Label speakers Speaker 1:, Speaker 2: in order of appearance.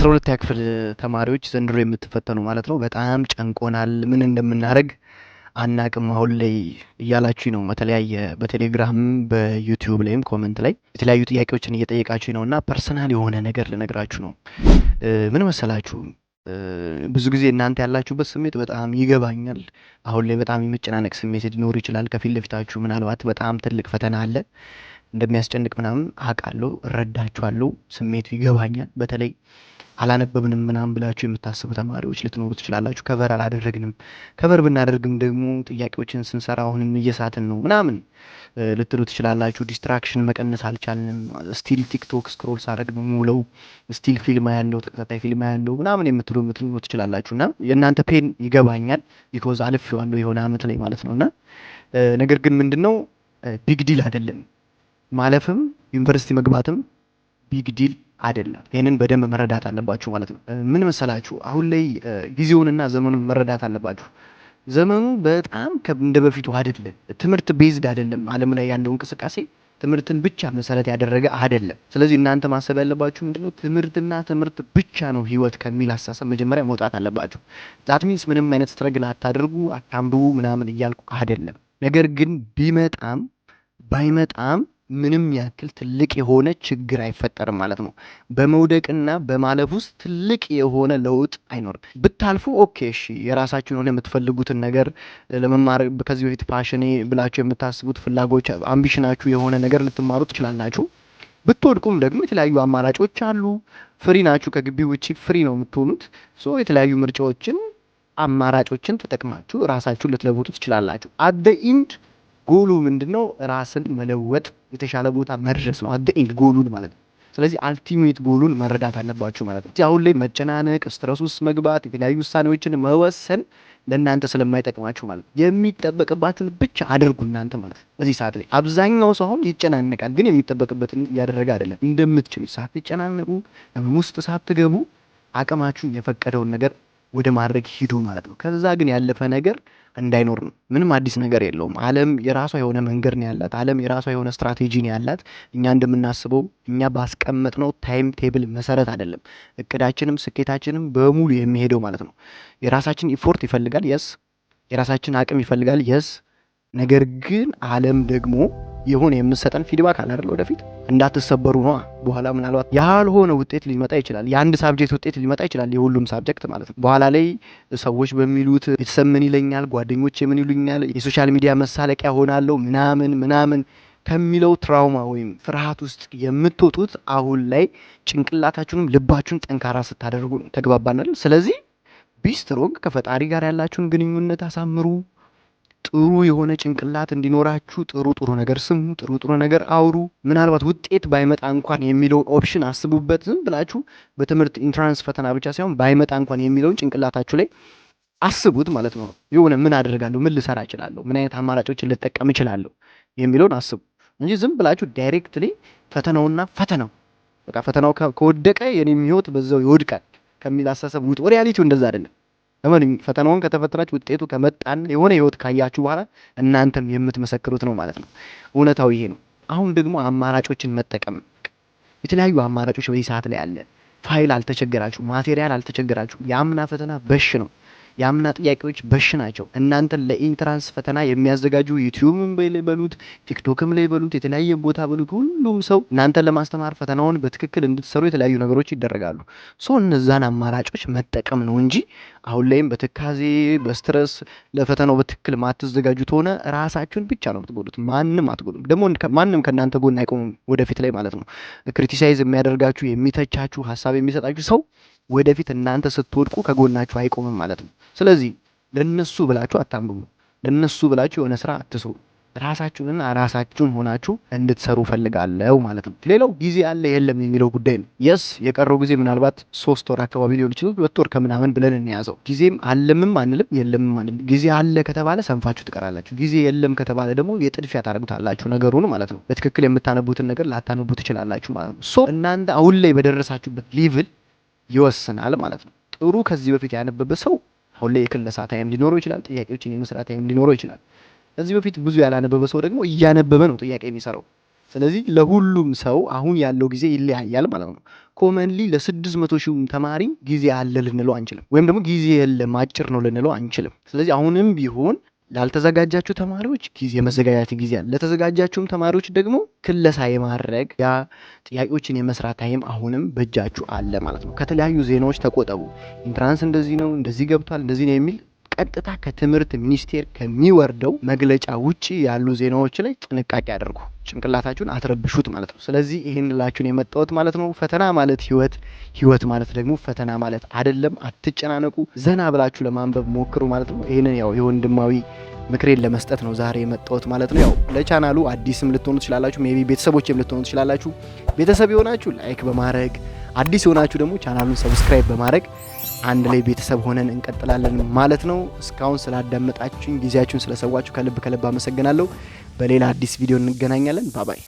Speaker 1: አስራ ሁለት ክፍል ተማሪዎች ዘንድሮ የምትፈተኑ ማለት ነው። በጣም ጨንቆናል፣ ምን እንደምናደርግ አናቅም አሁን ላይ እያላችሁ ነው። በተለያየ በቴሌግራም በዩቲዩብ ላይም ኮመንት ላይ የተለያዩ ጥያቄዎችን እየጠየቃችሁ ነው እና ፐርሰናል የሆነ ነገር ልነግራችሁ ነው። ምን መሰላችሁ ብዙ ጊዜ እናንተ ያላችሁበት ስሜት በጣም ይገባኛል። አሁን ላይ በጣም የመጨናነቅ ስሜት ሊኖር ይችላል። ከፊት ለፊታችሁ ምናልባት በጣም ትልቅ ፈተና አለ እንደሚያስጨንቅ ምናምን አውቃለሁ፣ እረዳችኋለሁ። ስሜቱ ይገባኛል። በተለይ አላነበብንም ምናምን ብላችሁ የምታስቡ ተማሪዎች ልትኖሩ ትችላላችሁ። ከቨር አላደረግንም፣ ከቨር ብናደርግም ደግሞ ጥያቄዎችን ስንሰራ አሁንም እየሳትን ነው ምናምን ልትሉ ትችላላችሁ። ዲስትራክሽን መቀነስ አልቻልንም፣ ስቲል ቲክቶክ ስክሮል ሳደርግ ነው ስቲል ፊልም ያለው ተከታታይ ፊልም ያለው ምናምን የምትሉ ልትኖሩ ትችላላችሁ። እና የእናንተ ፔን ይገባኛል፣ ቢኮዝ አልፌዋለሁ የሆነ አመት ላይ ማለት ነው እና ነገር ግን ምንድን ነው ቢግ ዲል አይደለም ማለፍም ዩኒቨርሲቲ መግባትም ቢግ ዲል አይደለም። ይህንን በደንብ መረዳት አለባችሁ ማለት ነው። ምን መሰላችሁ፣ አሁን ላይ ጊዜውንና ዘመኑን መረዳት አለባችሁ። ዘመኑ በጣም እንደ በፊቱ አይደለም። ትምህርት ቤዝድ አይደለም። ዓለም ላይ ያለው እንቅስቃሴ ትምህርትን ብቻ መሰረት ያደረገ አይደለም። ስለዚህ እናንተ ማሰብ ያለባችሁ ምንድነው? ትምህርትና ትምህርት ብቻ ነው ህይወት ከሚል አሳሰብ መጀመሪያ መውጣት አለባችሁ። ዛት ሚንስ ምንም አይነት ስትረግል አታደርጉ፣ አታንብቡ ምናምን እያልኩ አይደለም። ነገር ግን ቢመጣም ባይመጣም ምንም ያክል ትልቅ የሆነ ችግር አይፈጠርም ማለት ነው። በመውደቅና በማለፍ ውስጥ ትልቅ የሆነ ለውጥ አይኖርም። ብታልፉ ኦኬ፣ እሺ፣ የራሳችሁን የሆነ የምትፈልጉትን ነገር ለመማር ከዚህ በፊት ፓሽኔ ብላችሁ የምታስቡት ፍላጎች፣ አምቢሽናችሁ የሆነ ነገር ልትማሩ ትችላላችሁ። ብትወድቁም ደግሞ የተለያዩ አማራጮች አሉ። ፍሪ ናችሁ። ከግቢ ውጪ ፍሪ ነው የምትሆኑት። ሶ የተለያዩ ምርጫዎችን፣ አማራጮችን ተጠቅማችሁ ራሳችሁን ልትለውጡ ትችላላችሁ። አደ ኢንድ ጎሉ ምንድነው? ራስን መለወጥ የተሻለ ቦታ መድረስ ነው። አደ ጎሉን ማለት ነው። ስለዚህ አልቲሜት ጎሉን መረዳት አለባችሁ ማለት ነው። አሁን ላይ መጨናነቅ፣ ስትረስ ውስጥ መግባት፣ የተለያዩ ውሳኔዎችን መወሰን ለእናንተ ስለማይጠቅማችሁ ማለት ነው። የሚጠበቅባትን ብቻ አድርጉ እናንተ ማለት ነው። በዚህ ሰዓት ላይ አብዛኛው ሰው አሁን ይጨናነቃል፣ ግን የሚጠበቅበትን እያደረገ አይደለም። እንደምትችሉ ሳትጨናነቁ ውስጥ ሳትገቡ አቅማችሁ የፈቀደውን ነገር ወደ ማድረግ ሂዱ ማለት ነው። ከዛ ግን ያለፈ ነገር እንዳይኖር ነው። ምንም አዲስ ነገር የለውም። ዓለም የራሷ የሆነ መንገድ ነው ያላት። ዓለም የራሷ የሆነ ስትራቴጂ ነው ያላት። እኛ እንደምናስበው እኛ ባስቀመጥነው ታይም ቴብል መሰረት አይደለም እቅዳችንም ስኬታችንም በሙሉ የሚሄደው ማለት ነው። የራሳችን ኢፎርት ይፈልጋል የስ የራሳችን አቅም ይፈልጋል የስ ነገር ግን ዓለም ደግሞ የሆነ የምሰጠን ፊድባክ አለ አይደል? ወደፊት እንዳትሰበሩ ነዋ። በኋላ ምናልባት ያልሆነ ውጤት ሊመጣ ይችላል። የአንድ ሳብጀክት ውጤት ሊመጣ ይችላል፣ የሁሉም ሳብጀክት ማለት ነው። በኋላ ላይ ሰዎች በሚሉት ቤተሰብ ምን ይለኛል፣ ጓደኞች ምን ይሉኛል፣ የሶሻል ሚዲያ መሳለቂያ ሆናለሁ ምናምን ምናምን ከሚለው ትራውማ ወይም ፍርሃት ውስጥ የምትወጡት አሁን ላይ ጭንቅላታችሁንም ልባችሁን ጠንካራ ስታደርጉ ነው። ተግባባናል። ስለዚህ ቢስትሮግ ከፈጣሪ ጋር ያላችሁን ግንኙነት አሳምሩ። ጥሩ የሆነ ጭንቅላት እንዲኖራችሁ ጥሩ ጥሩ ነገር ስሙ፣ ጥሩ ጥሩ ነገር አውሩ። ምናልባት ውጤት ባይመጣ እንኳን የሚለውን ኦፕሽን አስቡበት። ዝም ብላችሁ በትምህርት ኢንትራንስ ፈተና ብቻ ሳይሆን ባይመጣ እንኳን የሚለውን ጭንቅላታችሁ ላይ አስቡት ማለት ነው። የሆነ ምን አደርጋለሁ፣ ምን ልሰራ እችላለሁ፣ ምን አይነት አማራጮችን ልጠቀም እችላለሁ የሚለውን አስቡ እንጂ ዝም ብላችሁ ዳይሬክትሊ ፈተናውና ፈተናው በቃ ፈተናው ከወደቀ የኔም ህይወት በዛው ይወድቃል ከሚል አሳሰብ ውጡ። ሪያሊቲው እንደዛ አይደለም። እመኑኝ ፈተናውን ከተፈተናችሁ ውጤቱ ከመጣን የሆነ ህይወት ካያችሁ በኋላ እናንተም የምትመሰክሩት ነው ማለት ነው። እውነታው ይሄ ነው። አሁን ደግሞ አማራጮችን መጠቀም የተለያዩ አማራጮች በዚህ ሰዓት ላይ አለ። ፋይል አልተቸገራችሁ፣ ማቴሪያል አልተቸገራችሁ። የአምና ፈተና በሽ ነው። የአምና ጥያቄዎች በሽ ናቸው። እናንተን ለኢንትራንስ ፈተና የሚያዘጋጁ ዩቲዩብም ላይ በሉት፣ ቲክቶክም ላይ በሉት፣ የተለያየ ቦታ በሉት፣ ሁሉም ሰው እናንተን ለማስተማር ፈተናውን በትክክል እንድትሰሩ የተለያዩ ነገሮች ይደረጋሉ። ሶ እነዛን አማራጮች መጠቀም ነው እንጂ አሁን ላይም በትካዜ በስትረስ ለፈተናው በትክክል ማትዘጋጁ ከሆነ ራሳችሁን ብቻ ነው የምትጎዱት። ማንም አትጎዱም። ደግሞ ማንም ከእናንተ ጎን አይቆምም ወደፊት ላይ ማለት ነው። ክሪቲሳይዝ የሚያደርጋችሁ የሚተቻችሁ፣ ሀሳብ የሚሰጣችሁ ሰው ወደፊት እናንተ ስትወድቁ ከጎናችሁ አይቆምም ማለት ነው። ስለዚህ ለነሱ ብላችሁ አታንብቡ፣ ለነሱ ብላችሁ የሆነ ስራ አትስሩ። ራሳችሁንና ራሳችሁን ሆናችሁ እንድትሰሩ ፈልጋለሁ ማለት ነው። ሌላው ጊዜ አለ የለም የሚለው ጉዳይ ነው። የስ የቀረው ጊዜ ምናልባት ሶስት ወር አካባቢ ሊሆን ይችላል፣ ሁለት ወር ከምናምን ብለን እንያዘው። ጊዜም አለምም አንልም የለምም አንልም። ጊዜ አለ ከተባለ ሰንፋችሁ ትቀራላችሁ። ጊዜ የለም ከተባለ ደግሞ የጥድፊያ ታደርጉታላችሁ ነገሩን ማለት ነው። በትክክል የምታነቡትን ነገር ላታነቡ ትችላላችሁ ማለት ነው። ሶ እናንተ አሁን ላይ በደረሳችሁበት ሊቭል ይወስናል ማለት ነው። ጥሩ ከዚህ በፊት ያነበበ ሰው አሁን ላይ የክለሳ ታይም ሊኖረው ይችላል። ጥያቄዎችን የመስራት ታይም ሊኖረው ይችላል። ከዚህ በፊት ብዙ ያላነበበ ሰው ደግሞ እያነበበ ነው ጥያቄ የሚሰራው። ስለዚህ ለሁሉም ሰው አሁን ያለው ጊዜ ይለያያል ማለት ነው። ኮመንሊ ለስድስት መቶ ሺህ ተማሪ ጊዜ አለ ልንለው አንችልም፣ ወይም ደግሞ ጊዜ የለም አጭር ነው ልንለው አንችልም። ስለዚህ አሁንም ቢሆን ላልተዘጋጃችሁ ተማሪዎች ጊዜ የመዘጋጃት ጊዜ አለ። ለተዘጋጃችሁም ተማሪዎች ደግሞ ክለሳ የማድረግ ያ ጥያቄዎችን የመስራት ታይም አሁንም በእጃችሁ አለ ማለት ነው። ከተለያዩ ዜናዎች ተቆጠቡ። ኢንትራንስ እንደዚህ ነው፣ እንደዚህ ገብቷል፣ እንደዚህ ነው የሚል ቀጥታ ከትምህርት ሚኒስቴር ከሚወርደው መግለጫ ውጭ ያሉ ዜናዎች ላይ ጥንቃቄ አድርጉ። ጭንቅላታችሁን አትረብሹት ማለት ነው። ስለዚህ ይህን ላችሁን የመጣሁት ማለት ነው። ፈተና ማለት ህይወት፣ ህይወት ማለት ደግሞ ፈተና ማለት አይደለም። አትጨናነቁ፣ ዘና ብላችሁ ለማንበብ ሞክሩ ማለት ነው። ይህንን ያው የወንድማዊ ምክሬን ለመስጠት ነው ዛሬ የመጣሁት ማለት ነው። ያው ለቻናሉ አዲስም ልትሆኑ ትችላላችሁ፣ ሜቢ ቤተሰቦችም ልትሆኑ ትችላላችሁ። ቤተሰብ የሆናችሁ ላይክ በማድረግ አዲስ የሆናችሁ ደግሞ ቻናሉን ሰብስክራይብ በማድረግ አንድ ላይ ቤተሰብ ሆነን እንቀጥላለን ማለት ነው። እስካሁን ስላዳመጣችሁኝ ጊዜያችሁን ስለሰዋችሁ ከልብ ከልብ አመሰግናለሁ። በሌላ አዲስ ቪዲዮ እንገናኛለን። ባባይ